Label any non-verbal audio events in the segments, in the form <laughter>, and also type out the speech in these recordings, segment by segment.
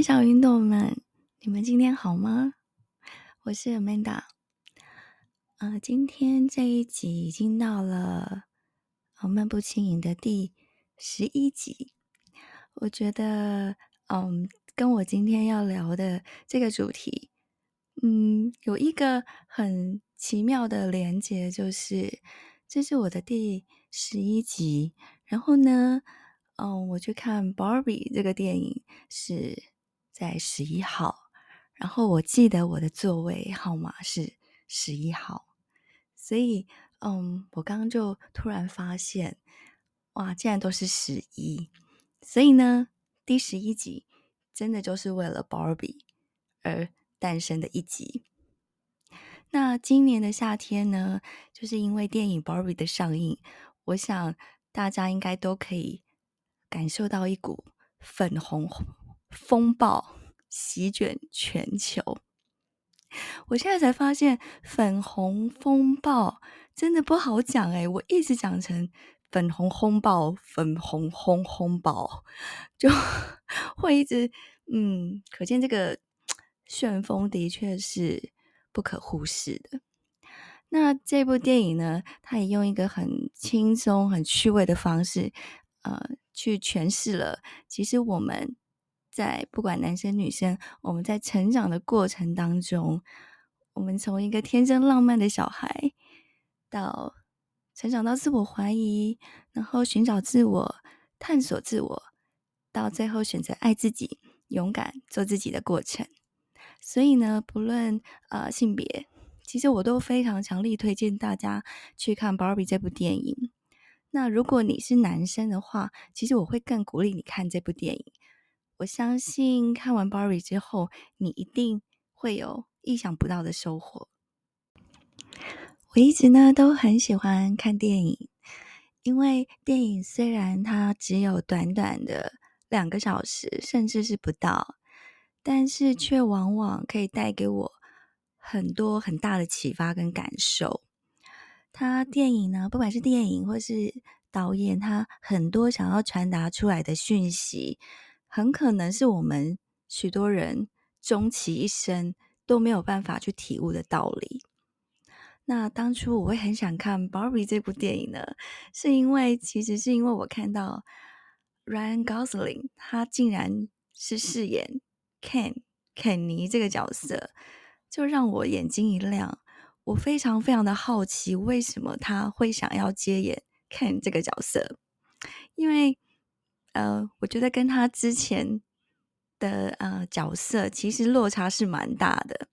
小雲朵們，你們今天好嗎？我是 Amanda。呃，今天這一集已經到了呃，《漫步輕盈》的第十一集。我覺得，嗯，跟我今天要聊的這個主題，嗯，有一個很奇妙的連接，就是這是我的第十一集。然後呢，嗯，我去看《Barbie》這個電影是在十一號，然後我記得我的座位號碼是十一號，所以，嗯，我剛剛就突然發現，哇，竟然都是十一！所以呢，第十一集真的就是為了 Barbie 而誕生的一集。那今年的夏天呢，就是因為電影 Barbie 的上映，我想大家應該都可以感受到一股粉紅。風暴席捲全球，我現在才發現“粉紅風暴”真的不好講誒、欸、我一直講成粉紅“粉紅風暴”、“粉紅轟風暴”，就會一直嗯，可見這個旋風的確是不可忽視的。那這部電影呢，它也用一個很輕鬆、很趣味的方式，呃，去詮釋了其實我們。在不管男生女生，我們在成長的過程當中，我們從一個天真浪漫的小孩，到成長到自我懷疑，然後尋找自我、探索自我，到最後選擇愛自己、勇敢做自己的過程。所以呢，不論呃性別，其實我都非常強力推薦大家去看《芭比》這部電影。那如果你是男生的話，其實我會更鼓勵你看這部電影。我相信看完 Barbie 之後，你一定會有意想不到的收穫。我一直呢都很喜歡看電影，因為電影雖然它只有短短的兩個小時，甚至是不到，但是卻往往可以帶給我很多很大的啟發跟感受。它電影呢，不管是電影或是導演，他很多想要傳達出來的訊息。很可能是我們許多人終其一生都沒有辦法去體悟的道理。那當初我會很想看《Barbie》這部電影呢，是因為其實是因為我看到 Ryan Gosling 他竟然是飾演 Ken 肯尼這個角色，就讓我眼睛一亮。我非常非常的好奇，為什麼他會想要接演 Ken 這個角色，因為，呃，我覺得跟他之前的呃角色其實落差是蠻大的，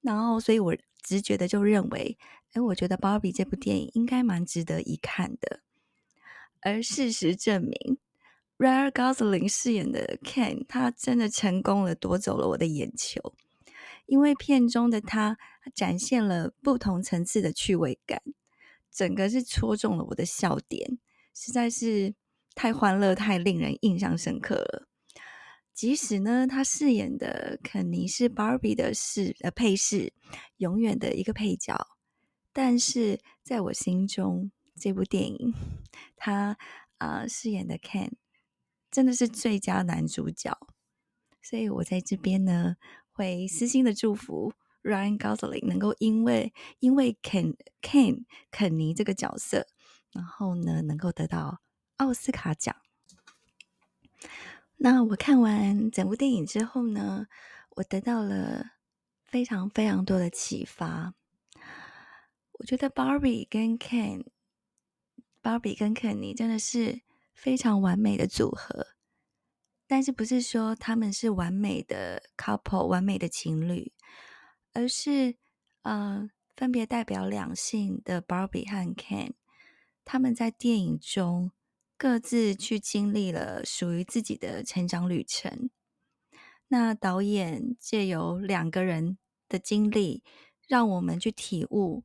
然後所以我直覺的就認為，哎、呃，我覺得《Barbie》這部電影應該蠻值得一看的。而事實證明，瑞恩·高斯林飾演的 Ken，他真的成功了，奪走了我的眼球，因為片中的他展現了不同層次的趣味感，整個是戳中了我的笑點，實在是。太歡樂，太令人印象深刻了。即使呢，他飾演的肯尼是 Barbie 的飾呃配飾，永遠的一個配角，但是在我心中，這部電影他啊飾演的 Ken 真的是最佳男主角。所以我在這邊呢，會私心的祝福 Ryan Gosling 能夠因為因為 Ken Ken 肯尼這個角色，然後呢能夠得到。奧斯卡獎。那我看完整部電影之後呢，我得到了非常非常多的啟發。我覺得 Barbie 跟 Ken，Barbie 跟肯尼真的是非常完美的組合，但是不是說他們是完美的 couple、完美的情侶，而是呃分別代表兩性的 Barbie 和 Ken，他們在電影中，各自去經歷了屬於自己的成長旅程。那導演借由兩個人的經歷，讓我們去體悟，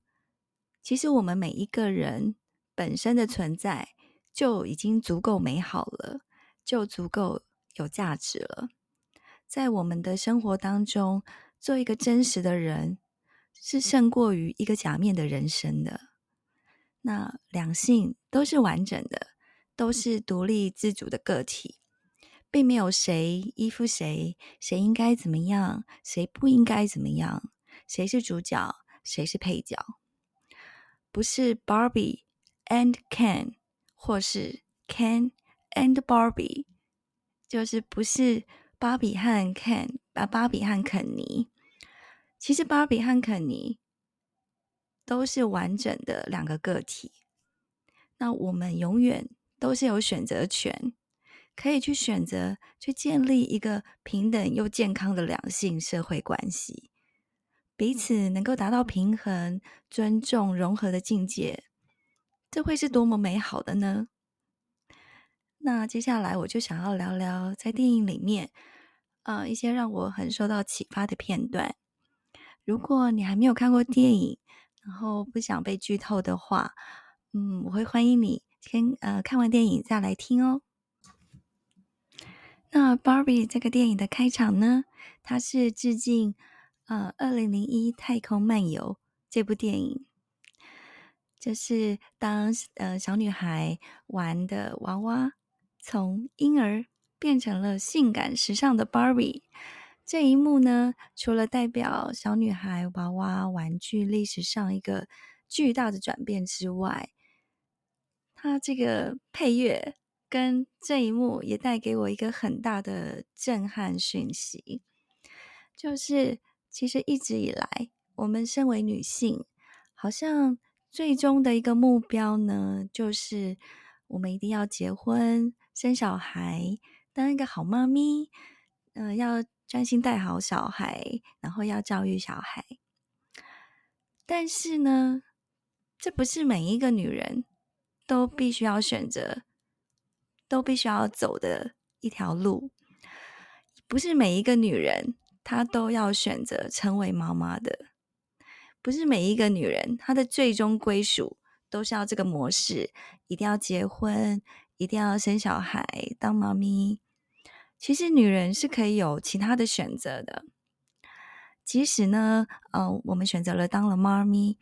其實我們每一個人本身的存在就已經足夠美好了，就足夠有價值了。在我們的生活當中，做一個真實的人，是勝過於一個假面的人生的。那兩性都是完整的。都是獨立自主的個體，並沒有誰依附誰，誰應該怎麼樣，誰不應該怎麼樣，誰是主角，誰是配角，不是 Barbie and Ken，或是 Ken and Barbie，就是不是芭比和肯，啊，芭比和肯尼。其實芭比和肯尼都是完整的兩個個體，那我們永遠，都是有選擇權，可以去選擇去建立一個平等又健康的兩性社會關係，彼此能夠達到平衡、尊重、融合的境界，這會是多麼美好的呢？那接下來我就想要聊聊在電影裡面，呃，一些讓我很受到啟發的片段。如果你還沒有看過電影，然後不想被劇透的話，嗯，我會歡迎你。看呃，看完電影再來聽哦。那 Barbie 這個電影的開場呢，它是致敬呃《二零零一太空漫遊》這部電影。就是當呃小女孩玩的娃娃從嬰兒變成了性感時尚的 Barbie，這一幕呢，除了代表小女孩娃娃玩具歷史上一個巨大的轉變之外，他這個配樂跟這一幕也帶給我一個很大的震撼訊息，就是其實一直以來，我們身為女性，好像最終的一個目標呢，就是我們一定要結婚、生小孩、當一個好媽咪，呃，要專心帶好小孩，然後要教育小孩。但是呢，這不是每一個女人。都必須要選擇，都必須要走的一條路，不是每一個女人她都要選擇成為媽媽的，不是每一個女人她的最終歸屬都是要這個模式，一定要結婚，一定要生小孩，當媽咪。其實女人是可以有其他的選擇的，即使呢，呃，我們選擇了當了媽咪，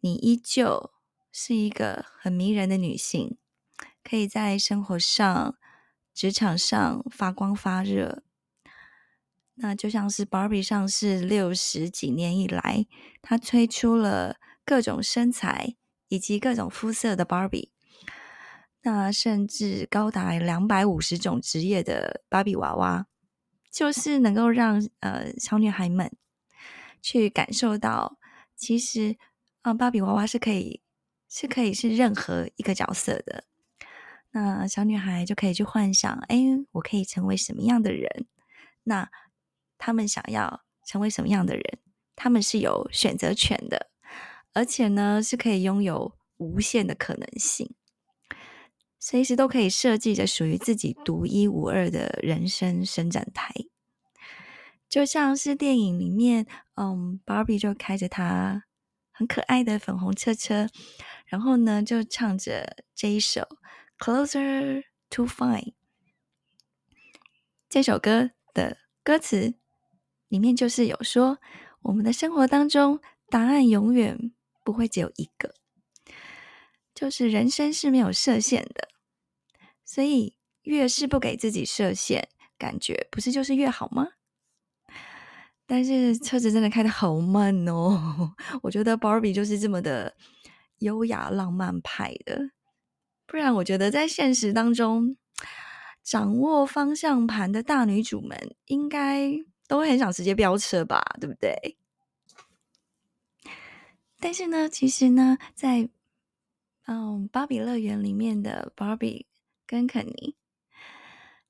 你依舊。是一個很迷人的女性，可以在生活上、職場上發光發熱。那就像是芭比，上市六十幾年以來，她推出了各種身材以及各種膚色的芭比，那甚至高達兩百五十種職業的芭比娃娃，就是能夠讓呃小女孩們去感受到，其實啊，芭比娃娃是可以。是可以是任何一個角色的，那小女孩就可以去幻想：誒我可以成為什麼樣的人？那他們想要成為什麼樣的人？他們是有選擇權的，而且呢，是可以擁有無限的可能性，隨時都可以設計着屬於自己獨一無二的人生伸展台。就像是電影裡面，嗯 Barbie 就開着她很可愛的粉紅車車。然後呢，就唱着這一首《Closer to Fine》這首歌的歌詞，裡面就是有說，我們的生活當中答案永遠不會只有一個，就是人生是沒有設限的，所以越是不給自己設限，感覺不是就是越好嗎？但是車子真的開的好慢哦，我覺得 Barbie 就是這麼的。優雅浪漫派的，不然我覺得在現實當中，掌握方向盤的大女主們應該都很想直接飆車吧，對不對？但是呢，其實呢，在嗯，芭比樂園裡面的芭比跟肯尼，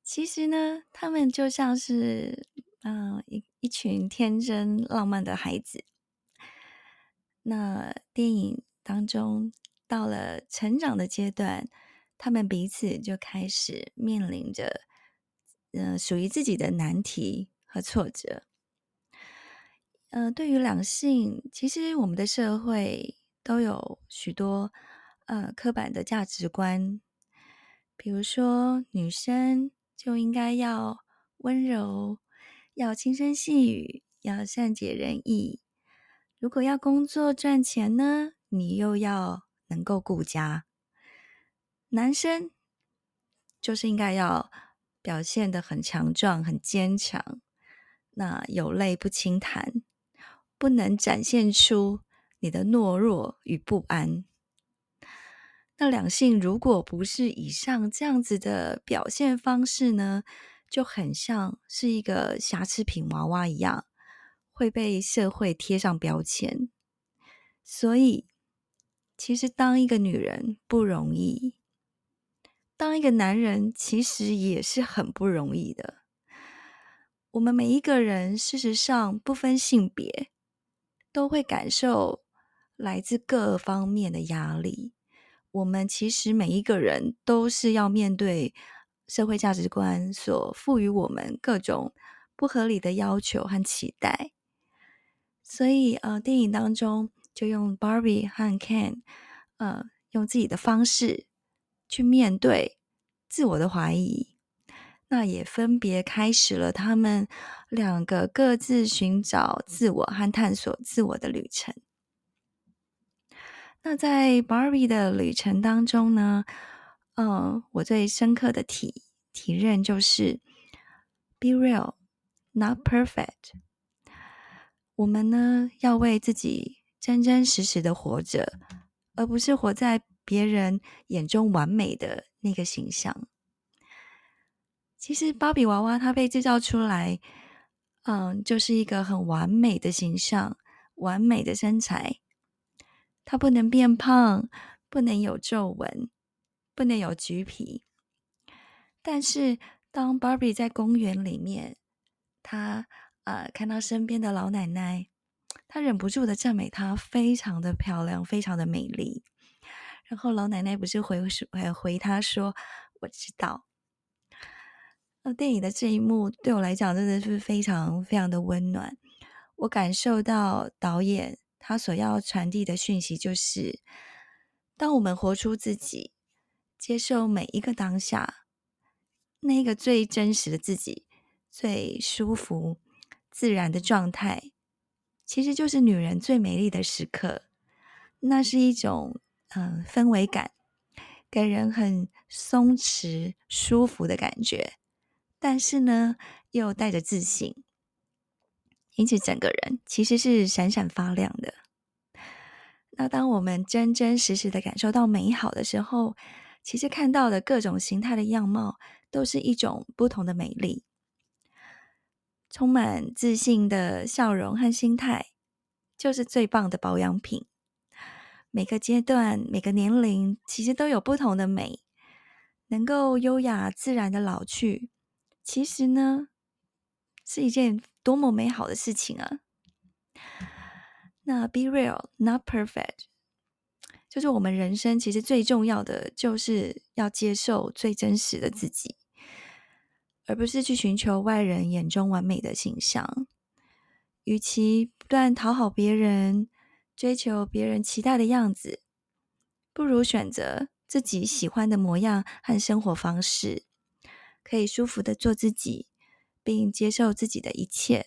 其實呢，他們就像是嗯，一一群天真浪漫的孩子，那電影。當中到了成長的階段，他們彼此就開始面臨着，嗯、呃，屬於自己的難題和挫折。呃，對於兩性，其實我們的社會都有許多呃刻板的價值觀，比如說女生就應該要溫柔，要輕聲細語，要善解人意。如果要工作賺錢呢，你又要能夠顧家，男生就是應該要表現得很強壯、很堅強，那有淚不輕彈，不能展現出你的懦弱與不安。那兩性如果不是以上這樣子的表現方式呢，就很像是一個瑕疵品娃娃一樣，會被社會貼上標籤。所以。其實，當一個女人不容易，當一個男人其實也是很不容易的。我們每一個人，事實上不分性別，都會感受來自各方面的壓力。我們其實每一個人都是要面對社會價值觀所賦予我們各種不合理的要求和期待。所以，呃，電影當中，就用 Barbie 和 Ken，嗯、呃，用自己的方式去面對自我的懷疑，那也分別開始了他們兩個各自尋找自我和探索自我的旅程。那在 Barbie 的旅程當中呢，嗯、呃，我最深刻的體體認就是 Be real, not perfect。我們呢，要為自己。真真實實的活着，而不是活在別人眼中完美的那個形象。其實，芭比娃娃她被製造出來，嗯，就是一個很完美的形象，完美的身材。她不能變胖，不能有皺紋，不能有橘皮。但是，當芭比在公園裡面，她啊、呃、看到身邊的老奶奶。他忍不住的讚美她，非常的漂亮，非常的美麗。然後老奶奶不是回回回他說：“我知道。”那電影的這一幕對我來講真的是非常非常的溫暖。我感受到導演他所要傳遞的訊息就是：當我們活出自己，接受每一個當下，那個最真實的自己，最舒服、自然的狀態。其實就是女人最美麗的時刻，那是一種嗯、呃、氛圍感，給人很鬆弛舒服的感覺，但是呢，又帶着自信，因此整個人其實是閃閃發亮的。那當我們真真實實的感受到美好的時候，其實看到的各種形態的樣貌，都是一種不同的美麗。充滿自信的笑容和心態，就是最棒的保養品。每個階段、每個年齡，其實都有不同的美。能夠優雅自然的老去，其實呢，是一件多麼美好的事情啊！那 Be real, not perfect，就是我們人生其實最重要的，就是要接受最真實的自己。而不是去尋求外人眼中完美的形象。與其不斷討好別人，追求別人期待的樣子，不如選擇自己喜歡的模樣和生活方式，可以舒服的做自己，並接受自己的一切。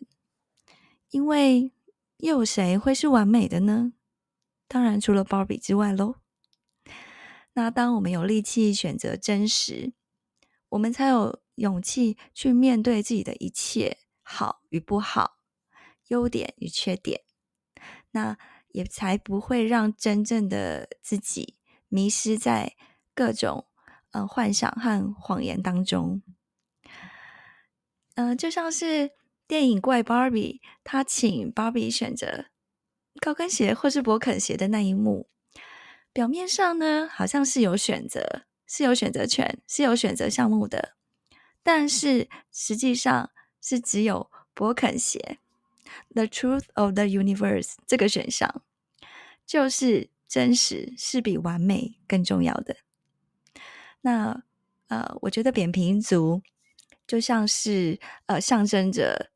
因為又有誰會是完美的呢？當然，除了 Barbie 之外咯。那當我們有力氣選擇真實，我們才有勇氣去面對自己的一切好與不好、優點與缺點，那也才不會讓真正的自己迷失在各種嗯、呃、幻想和謊言當中。嗯、呃，就像是電影《怪芭比》，他請芭比選擇高跟鞋或是勃肯鞋的那一幕，表面上呢，好像是有選擇，是有選擇權，是有選擇項目的。但是實際上，是只有勃肯鞋《The Truth of the Universe》這個選項，就是真實是比完美更重要的。那呃，我覺得扁平足就像是呃，象徵着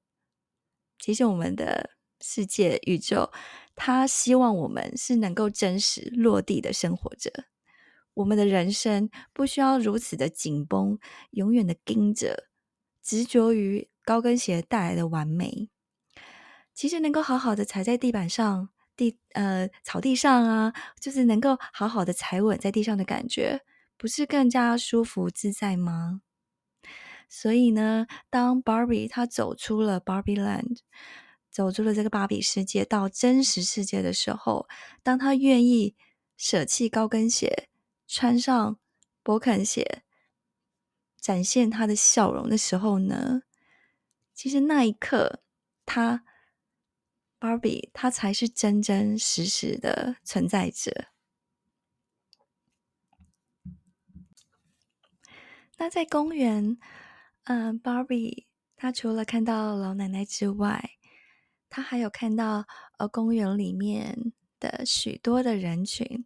其實我們的世界、宇宙，它希望我們是能夠真實落地的生活者。我們的人生不需要如此的緊繃，永遠的盯着，執着於高跟鞋帶來的完美。其實能夠好好的踩在地板上，地呃草地上啊，就是能夠好好的踩穩在地上的感覺，不是更加舒服自在嗎？所以呢，當 Barbie 她走出了 Barbie Land，走出了這個芭比世界，到真實世界的時候，當她願意舍棄高跟鞋。穿上博肯鞋，展現他的笑容的時候呢，其實那一刻，他 Barbie 他才是真真實實的存在者。那在公園，嗯、呃，Barbie 他除了看到老奶奶之外，他還有看到呃公園裡面的許多的人群。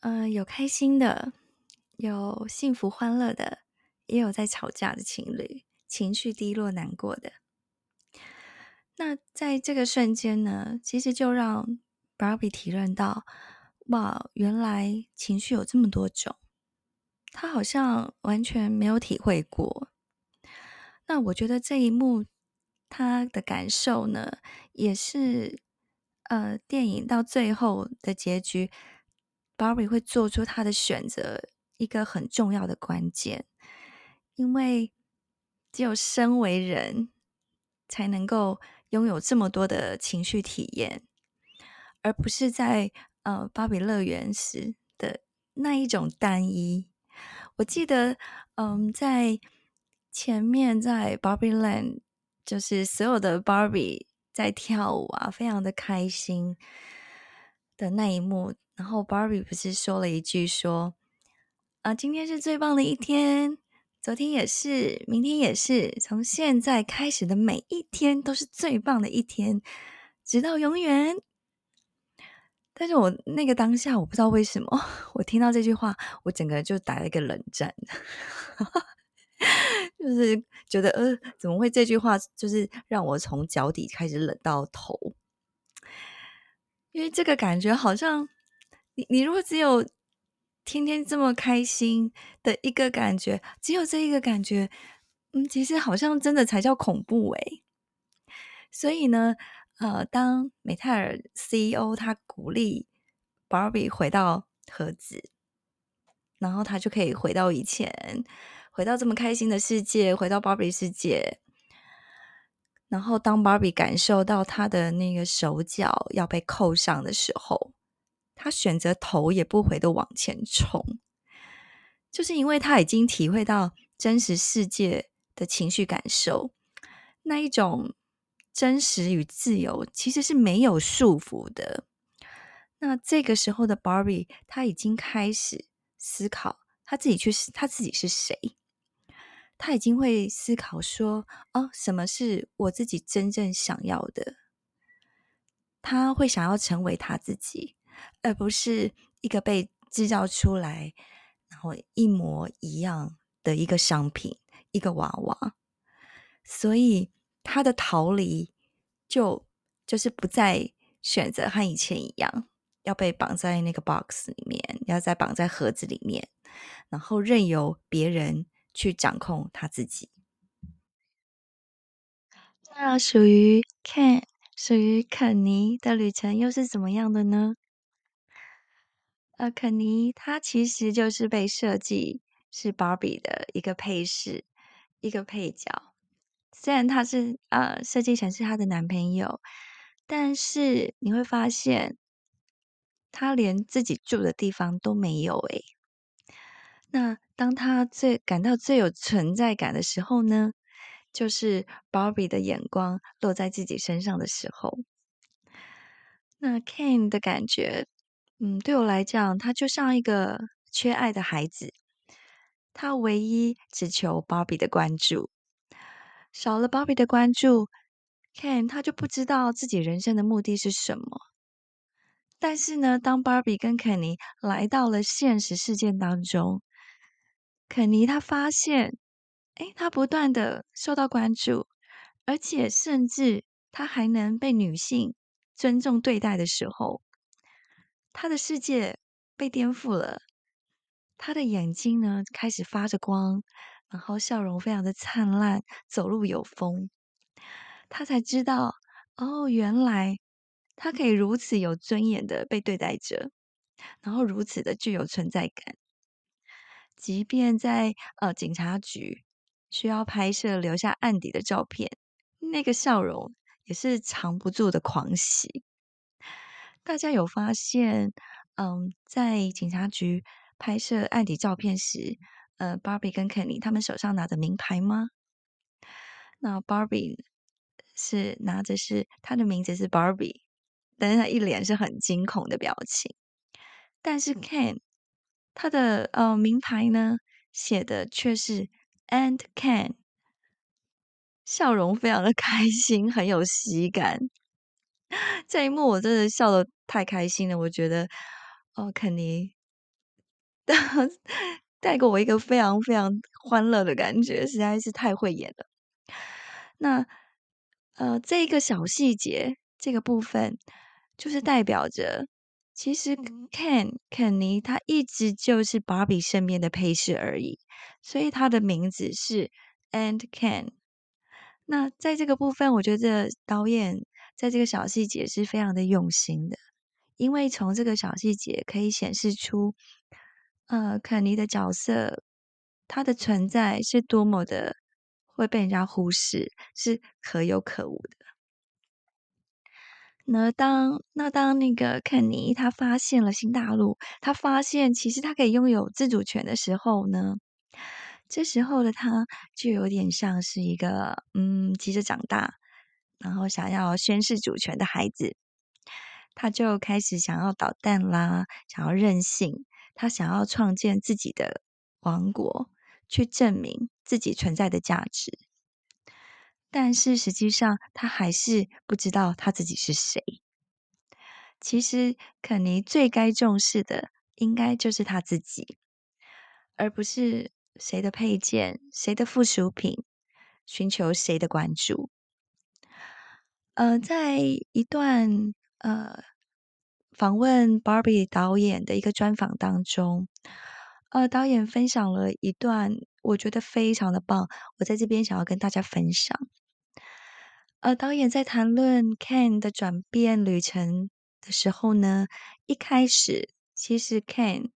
嗯、呃，有開心的，有幸福歡樂的，也有在吵架的情侶，情緒低落難過的。那在這個瞬間呢，其實就讓 Barbie 體認到，哇，原來情緒有這麼多種，他好像完全沒有體會過。那我覺得這一幕他的感受呢，也是，呃，電影到最後的結局。Barbie 會做出他的選擇，一個很重要的關鍵，因為只有身為人，才能夠擁有這麼多的情緒體驗，而不是在呃芭比樂園時的那一種單一。我記得，嗯、呃，在前面在 Barbie Land，就是所有的 Barbie 在跳舞啊，非常的開心的那一幕。然後 Barbie 不是說了一句說，啊、呃，今天是最棒的一天，昨天也是，明天也是，從現在開始的每一天都是最棒的一天，直到永遠。但是我那個當下，我不知道為什麼，我聽到這句話，我整個就打了一個冷戰， <laughs> 就是覺得，呃，怎麼會這句話就是讓我從腳底開始冷到頭？因為這個感覺好像。你，你如果只有天天這麼開心的一個感覺，只有這一個感覺，嗯，其實好像真的才叫恐怖，誒、欸。所以呢，呃，當美泰爾 CEO 他鼓勵 Barbie 回到盒子，然後他就可以回到以前，回到這麼開心的世界，回到 Barbie 世界。然後當 Barbie 感受到他的那個手腳要被扣上的時候，他選擇頭也不回的往前衝，就是因為他已經體會到真實世界的情緒感受，那一種真實與自由其實是沒有束縛的。那這個時候的 Barbie，他已經開始思考他自己去他自己是誰，他已經會思考說：“哦，什麼是我自己真正想要的？”他會想要成為他自己。而不是一個被制造出來，然後一模一樣的一個商品，一個娃娃，所以他的逃離就就是不再選擇和以前一樣，要被綁在那個 box 裡面，要再綁在盒子裡面，然後任由別人去掌控他自己。那屬於肯，屬於肯尼的旅程又是怎麼樣的呢？呃，肯尼他其實就是被設計是芭比的一個配飾，一個配角。雖然他是啊設計成是他的男朋友，但是你會發現他連自己住的地方都沒有誒。那當他最感到最有存在感的時候呢，就是芭比的眼光落在自己身上的時候，那 Ken 的感覺。嗯，對我來講，他就像一個缺愛的孩子，他唯一只求 Barbie 的關注，少了 Barbie 的關注，Ken 他就不知道自己人生的目的是什麼。但是呢，當 Barbie 跟肯尼來到了現實世界當中，肯尼他發現，哎，他不斷的受到關注，而且甚至他還能被女性尊重對待的時候。他的世界被顛覆了，他的眼睛呢開始發着光，然後笑容非常的燦爛，走路有風。他才知道，哦，原來他可以如此有尊嚴的被對待着，然後如此的具有存在感。即便在呃警察局需要拍攝留下案底的照片，那個笑容也是藏不住的狂喜。大家有發現，嗯，在警察局拍攝案底照片時，呃，Barbie 跟 Kenny 他們手上拿着名牌嗎？那 Barbie 是拿着是他的名字是 Barbie，但是他一臉是很驚恐的表情。但是 Ken 他的呃名牌呢寫的卻是 And Ken，笑容非常的開心，很有喜感。這一幕我真的笑得太開心了，我覺得哦，肯尼帶給我一個非常非常歡樂的感覺，實在是太會演了。那呃，這一個小細節這個部分，就是代表着其實 Ken 肯尼他一直就是芭比身邊的配飾而已，所以他的名字是 And Ken。那在這個部分，我覺得導演在這個小細節是非常的用心的，因為從這個小細節可以顯示出，呃，肯尼的角色他的存在是多麼的會被人家忽視，是可有可無的。那當那當那個肯尼他發現了新大陸，他發現其實他可以擁有自主權的時候呢，這時候的他就有點像是一個嗯，急着長大。然後想要宣示主權的孩子，他就開始想要搗蛋啦，想要任性，他想要創建自己的王國，去證明自己存在的價值。但是實際上，他還是不知道他自己是誰。其實，肯尼最該重視的，應該就是他自己，而不是誰的配件、誰的附屬品，尋求誰的關注。呃，在一段呃訪問 Barbie 導演的一個專訪當中，呃，導演分享了一段我覺得非常的棒，我在這邊想要跟大家分享。呃，導演在談論 Ken 的轉變旅程的時候呢，一開始其實 Ken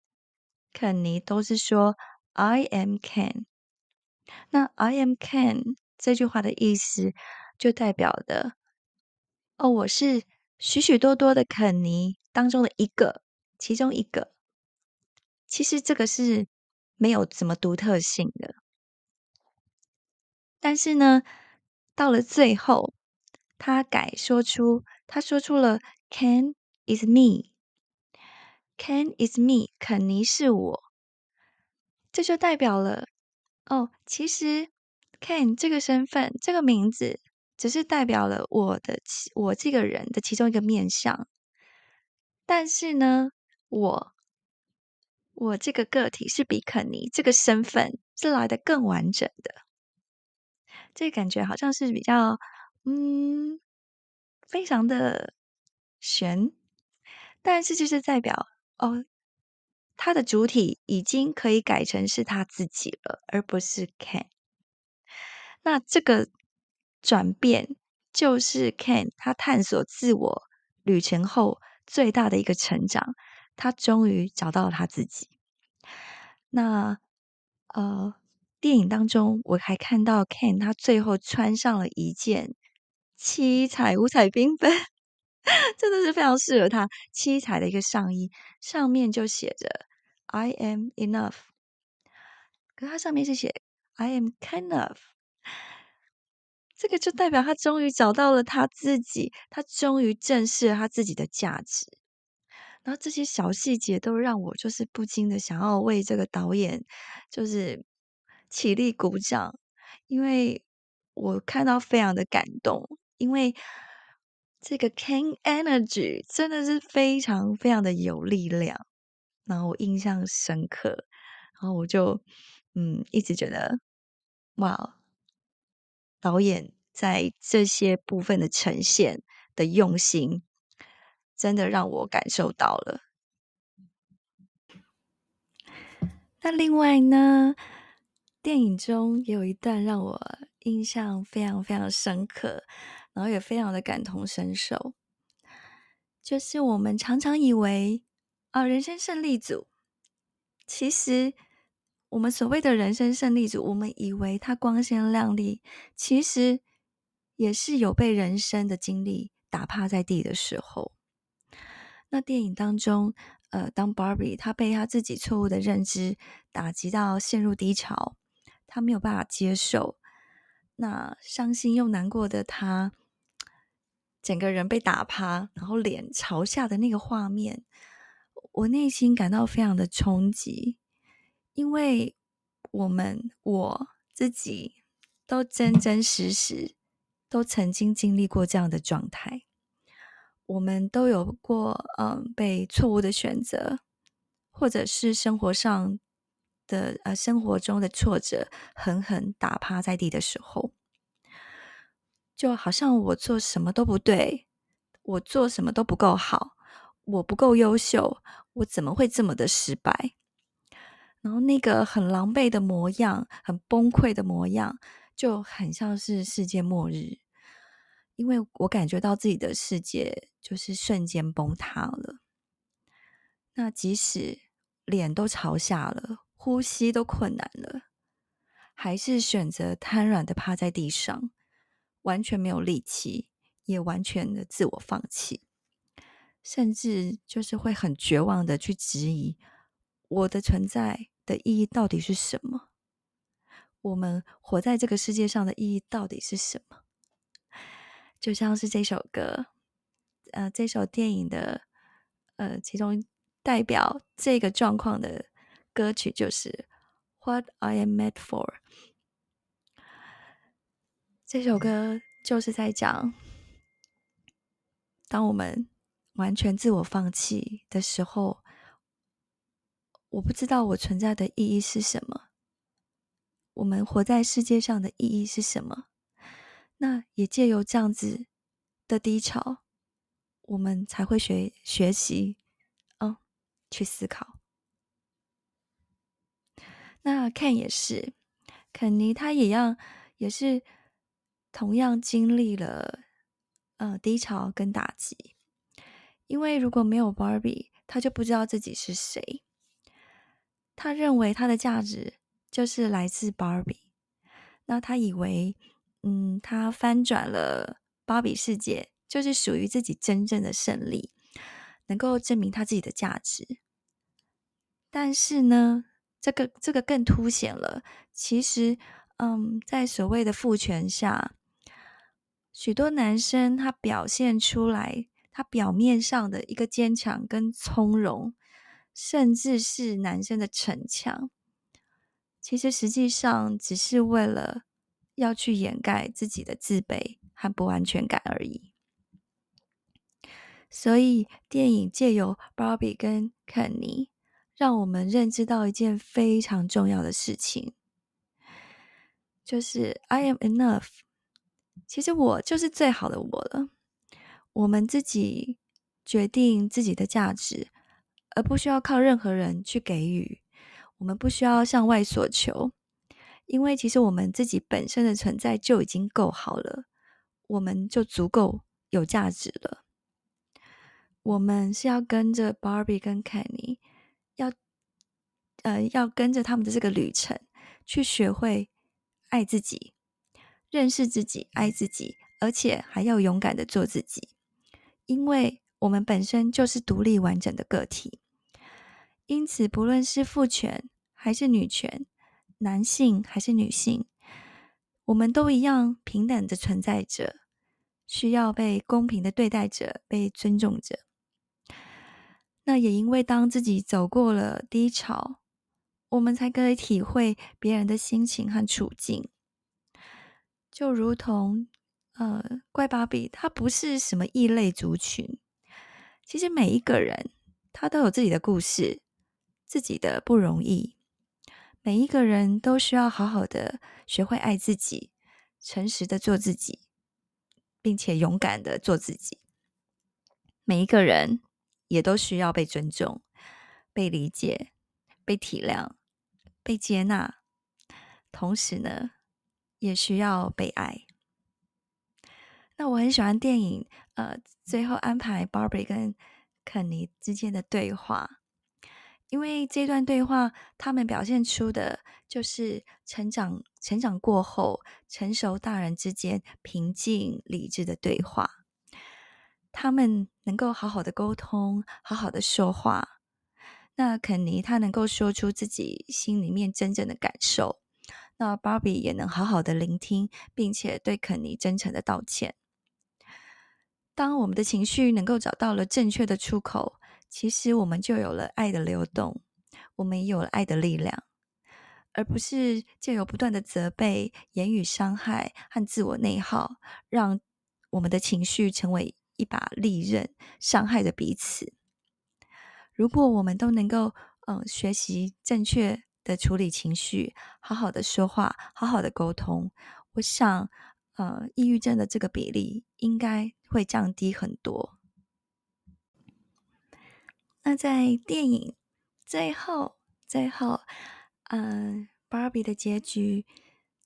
肯尼都是說 “I am Ken”，那 “I am Ken” 這句話的意思就代表的。哦，我是許許多多的肯尼當中的一個，其中一個。其實這個是沒有什麼獨特性的，但是呢，到了最後，他改說出，他說出了 “Ken is me”，“Ken is me”，肯尼是我，這就代表了哦，其實 Ken 這個身份，這個名字只是代表了我的我這個人的其中一個面相，但是呢，我我這個個體是比肯尼這個身份是來得更完整的，這個感覺好像是比較嗯非常的玄，但是就是代表哦，他的主體已經可以改成是他自己了，而不是肯那這個。轉變就是 Ken 他探索自我旅程後最大的一個成長，他終於找到了他自己。那呃，電影當中我還看到 Ken 他最後穿上了一件七彩五彩繽紛， <laughs> 真的是非常適合他七彩的一個上衣，上面就寫着 "I am enough"，可他上面是寫 "I am kind of"。這個就代表他終於找到了他自己，他終於正視了他自己的價值。然後這些小細節都讓我就是不禁的想要為這個導演就是起立鼓掌，因為我看到非常的感動，因為這個 Ken Energy 真的是非常非常的有力量，然後我印象深刻，然後我就嗯一直覺得哇。Wow, 導演在這些部分的呈現的用心，真的讓我感受到了。那另外呢，電影中也有一段讓我印象非常非常深刻，然後也非常的感同身受，就是我們常常以為，啊，人生勝利組，其實。我們所謂的人生勝利組，我們以為他光鮮亮麗，其實也是有被人生的經歷打趴在地的時候。那電影當中，呃，當 Barbie 他被他自己錯誤的認知打擊到陷入低潮，他沒有辦法接受，那傷心又難過的他，整個人被打趴，然後臉朝下的那個畫面，我內心感到非常的衝擊。因為我們我自己都真真實實都曾經經歷過這樣的狀態，我們都有過嗯被錯誤的選擇，或者是生活上的呃生活中的挫折狠狠打趴在地的時候，就好像我做什麼都不對，我做什麼都不夠好，我不夠優秀，我怎麼會這麼的失敗？然後那個很狼狽的模樣，很崩潰的模樣，就很像是世界末日，因為我感覺到自己的世界就是瞬間崩塌了。那即使臉都朝下了，呼吸都困難了，還是選擇癱軟的趴在地上，完全沒有力氣，也完全的自我放棄，甚至就是會很絕望的去質疑我的存在的意義到底是什麼？我們活在這個世界上的意義到底是什麼？就像是這首歌，呃，這首電影的，呃，其中代表這個狀況的歌曲就是《What I Am Made For》。這首歌就是在講，當我們完全自我放棄的時候。我不知道我存在的意義是什麼。我們活在世界上的意義是什麼？那也借由這樣子的低潮，我們才會學學習，嗯、哦，去思考。那 Ken 也是，肯尼他也要也是同樣經歷了嗯、呃，低潮跟打擊，因為如果沒有 Barbie，他就不知道自己是誰。他認為他的價值就是來自芭比，那他以為，嗯，他翻轉了芭比世界，就是屬於自己真正的勝利，能夠證明他自己的價值。但是呢，這個這個更凸顯了，其實，嗯，在所謂的父權下，許多男生他表現出來，他表面上的一個堅強跟從容。甚至是男生的逞強，其實實際上只是為了要去掩蓋自己的自卑和不安全感而已。所以，電影借由 Barbie 跟肯尼，讓我們認知到一件非常重要的事情，就是 “I am enough”，其實我就是最好的我了。我們自己決定自己的價值。而不需要靠任何人去給予，我們不需要向外索求，因為其實我們自己本身的存在就已經夠好了，我們就足夠有價值了。我們是要跟着 Barbie 跟 Kenny 要，呃，要跟着他們的這個旅程，去學會愛自己、認識自己、愛自己，而且還要勇敢的做自己，因為我們本身就是獨立完整的個體。因此，不論是父權還是女權，男性還是女性，我們都一樣平等的存在着，需要被公平的對待着，被尊重着。那也因為當自己走過了低潮，我們才可以體會別人的心情和處境。就如同，呃，怪芭比，他不是什麼異類族群，其實每一個人他都有自己的故事。自己的不容易，每一個人都需要好好的學會愛自己，誠實的做自己，並且勇敢的做自己。每一個人也都需要被尊重、被理解、被體諒、被接納，同時呢，也需要被愛。那我很喜歡電影，呃，最後安排 Barbie 跟肯尼之間的對話。因為這段對話，他們表現出的就是成長、成長過後成熟大人之間平靜、理智的對話。他們能夠好好的溝通，好好的說話。那肯尼他能夠說出自己心裡面真正的感受，那芭比也能好好的聆聽，並且對肯尼真誠的道歉。當我們的情緒能夠找到了正確的出口。其實我們就有了愛的流動，我們也有了愛的力量，而不是借由不斷的責備、言語傷害和自我內耗，讓我們的情緒成為一把利刃，傷害着彼此。如果我們都能夠，嗯，學習正確的處理情緒，好好的說話，好好的溝通，我想，呃、嗯，抑鬱症的這個比例應該會降低很多。那在電影最後，最後，嗯，呃，Barbie 的結局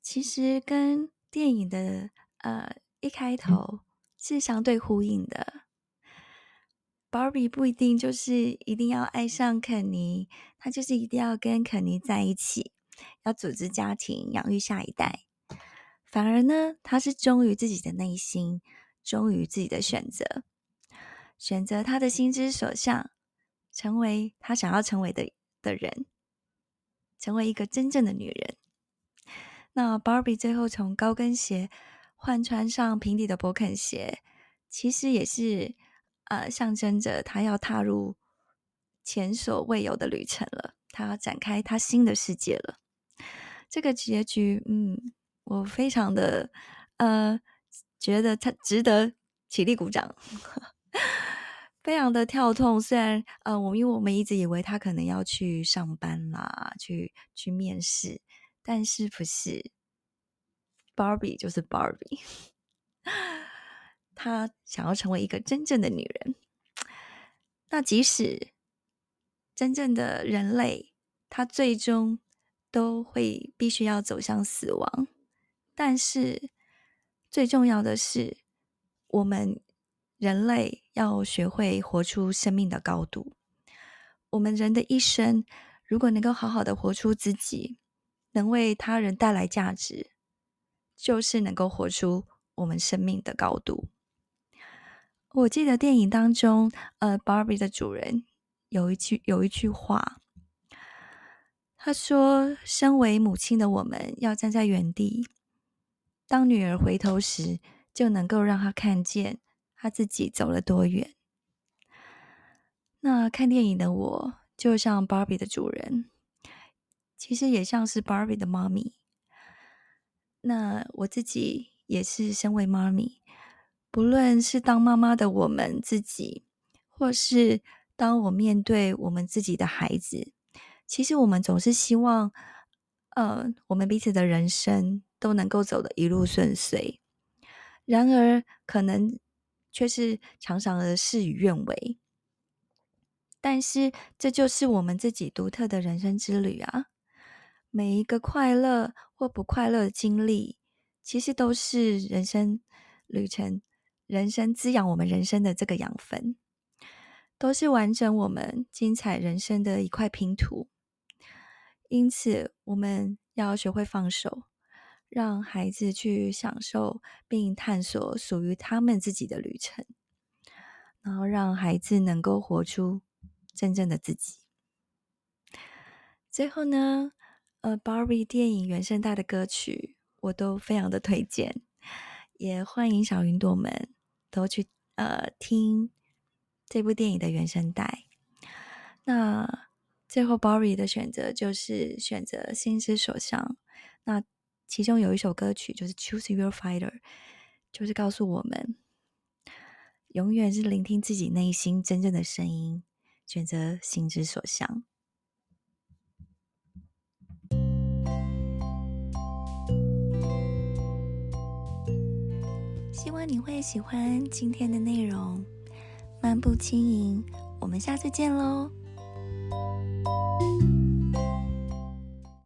其實跟電影的呃一開頭是相對呼應的。Barbie 不一定就是一定要愛上肯尼，他就是一定要跟肯尼在一起，要組織家庭，養育下一代。反而呢，他是忠於自己的內心，忠於自己的選擇，選擇他的心之所向。成為他想要成為的的人，成為一個真正的女人。那 Barbie 最後從高跟鞋換穿上平底的勃肯鞋，其實也是呃象徵着他要踏入前所未有的旅程了，他要展開他新的世界了。這個結局，嗯，我非常的呃覺得他值得起立鼓掌。 <laughs> 非常的跳痛，雖然，呃，我因為我們一直以為他可能要去上班啦，去去面試，但是不是，Barbie 就是 Barbie，他 <laughs> 想要成為一個真正的女人。那即使真正的人類，他最終都會必須要走向死亡，但是最重要的是，我們。人類要學會活出生命的高度。我們人的一生，如果能夠好好的活出自己，能為他人帶來價值，就是能夠活出我們生命的高度。我記得電影當中，呃，Barbie 的主人有一句有一句話，他說：“身為母親的我們，要站在原地，當女兒回頭時，就能夠讓她看見。”他自己走了多遠？那看電影的我，就像 Barbie 的主人，其實也像是 Barbie 的媽咪。那我自己也是身為媽咪，不論是當媽媽的我們自己，或是當我面對我們自己的孩子，其實我們總是希望，呃，我們彼此的人生都能夠走得一路順遂。然而，可能。卻是常常的事與願違，但是這就是我們自己獨特的人生之旅啊！每一個快樂或不快樂的經歷，其實都是人生旅程、人生滋養我們人生的這個養分，都是完整我們精彩人生的一塊拼圖。因此，我們要學會放手。讓孩子去享受並探索屬於他們自己的旅程，然後讓孩子能夠活出真正的自己。最後呢，呃，Barbie 電影原聲帶的歌曲我都非常的推薦，也歡迎小雲朵們都去呃聽這部電影的原聲帶。那最後 Barbie 的選擇就是選擇心之所向，那。其中有一首歌曲就是《Choose Your Fighter》，就是告訴我們，永遠是聆聽自己內心真正的聲音，選擇心之所向。希望你會喜歡今天的內容，漫步輕盈。我們下次見嘍！